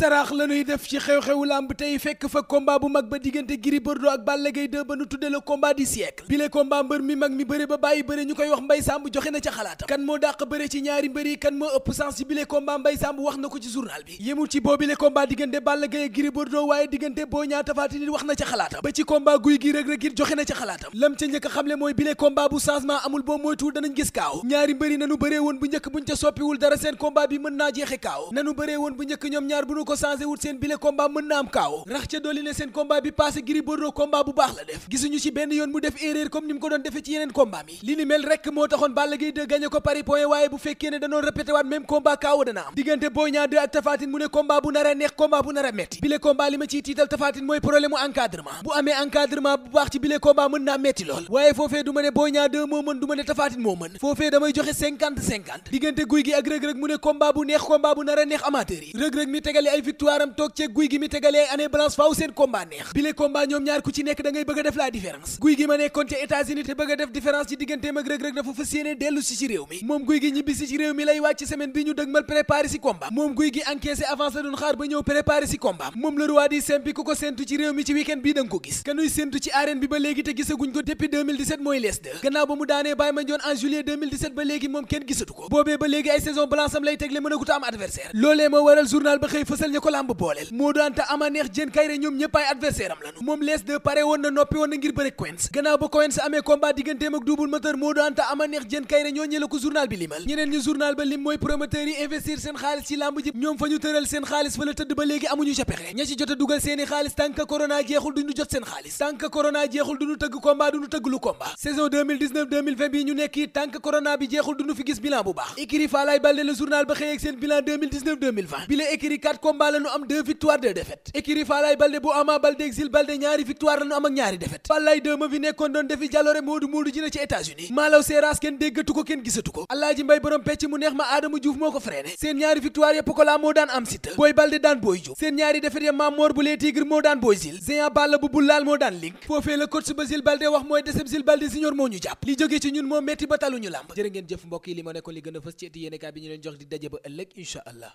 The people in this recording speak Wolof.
saraax la ñuy def ci xew-xewu làmb tey fekk fa combat bu mag ba diggante Gris Bordeaux ak Balla Gaye 2 ba nu tudde le combat du siècle bile combat mbër mi mag mi bëre ba bàyyi bëre ñu koy wax Mbaye Samb joxe na ca xalaatam kan moo dàq bëre ñaari mbër kan moo ëpp sens ci wax na ko ci journal bi yemul ci boobu bile combat diggante Balla Gaye ak Gris Bordeaux waaye diggante Boy Niang Tapha wax na ca xalaatam ba ci combat guy gi Reug Reug joxe na ca xalaatam lam ca njëkk a xamle mooy bile combat bu changement amul boo moytuwul danañ gis kaaw ñaari mbër yi nanu bëree woon bu njëkk buñ ca soppiwul dara seen combat bi mën naa jeexe kaaw nanu bëree woon bu njëkk ñoom ko changé wut seen bile combat mën na am kaaw rax ca dolli ne seen combat bi passé Gris Bordeaux combat bu baax la def gisuñu ci benn yoon mu def erreur comme ni mu ko doon defee ci yeneen combat mi li ni mel rek moo taxoon Balla Gaye 2 gagné ko pari point waaye bu fekkee ne danoon répété waat même combat dana am diggante Boy Niang 2 ak Tapha mu ne combat bu nar neex combat bu nar metti bile combat li ma ciy tiital Tapha mooy problème encadrement ay victoire am toog cee guy gi mi tegalee année blanche faaw seen combat neex bile combat ñoom ñaar ku ci nekk da ngay def la différence guy gi ma nekkoon ca États-Unis te bëgg def différence ci digganteem rëg-rëg dafa fas yéene dellu ci réew mi moom guy gi ñibbisi ci réew mi lay wàcc semaine bi ñu dëgmal préparé si combat moom la doon di simpi ku ko séntu ci réew mi ci week-end bii ko gis kanuy séntu ci arène bi ba léegi te gisaguñ ko fësal ña ko làmb booleel Modou Anta ama neex Diène Kaïré ñoom ñëpp ay adversaire am lañu moom les deux pare woon na noppi woon na ngir bëre Quench gannaaw ba Quench amee combat digganteem ak double moteur Modou Anta ama neex Diène Kaïré ñoo ñë la ko journal bi limal ñeneen ñu journal ba lim mooy promoteurs yi investir seen xaalis ci làmb ji ñoom fa ñu tëral seen xaalis fa la tëdd ba léegi amuñu ca pexe ña ci jot a dugal seeni xaalis tànk corona jeexul duñu jot seen xaalis tànk corona jeexul duñu tëgg combat duñu tëgg lu combat saison 2019 2020 bi ñu nekk it tànk corona bi jeexul duñu fi gis bilan bu baax écrit Falaye Baldé la journal combat la ñu am deux victoires deux défaites écurie Falaye Baldé bu Ama Baldé exil Baldé ñaari victoire la ñu am ak ñaari défaites Falaye deux ma fi nekkoon doon defi jaloore moodu moodu ji na ci États-Unis maalaw seeraas kenn déggatu ko kenn gisatu ko Alaaji Mbay borom pecc mu neex ma Adama Diouf moo ko freiné seen ñaari victoire yépp ko laa moo daan am site Boy Baldé daan Boy Diouf seen ñaari défaites ya Mam Mor bu lee Tigre moo daan Boy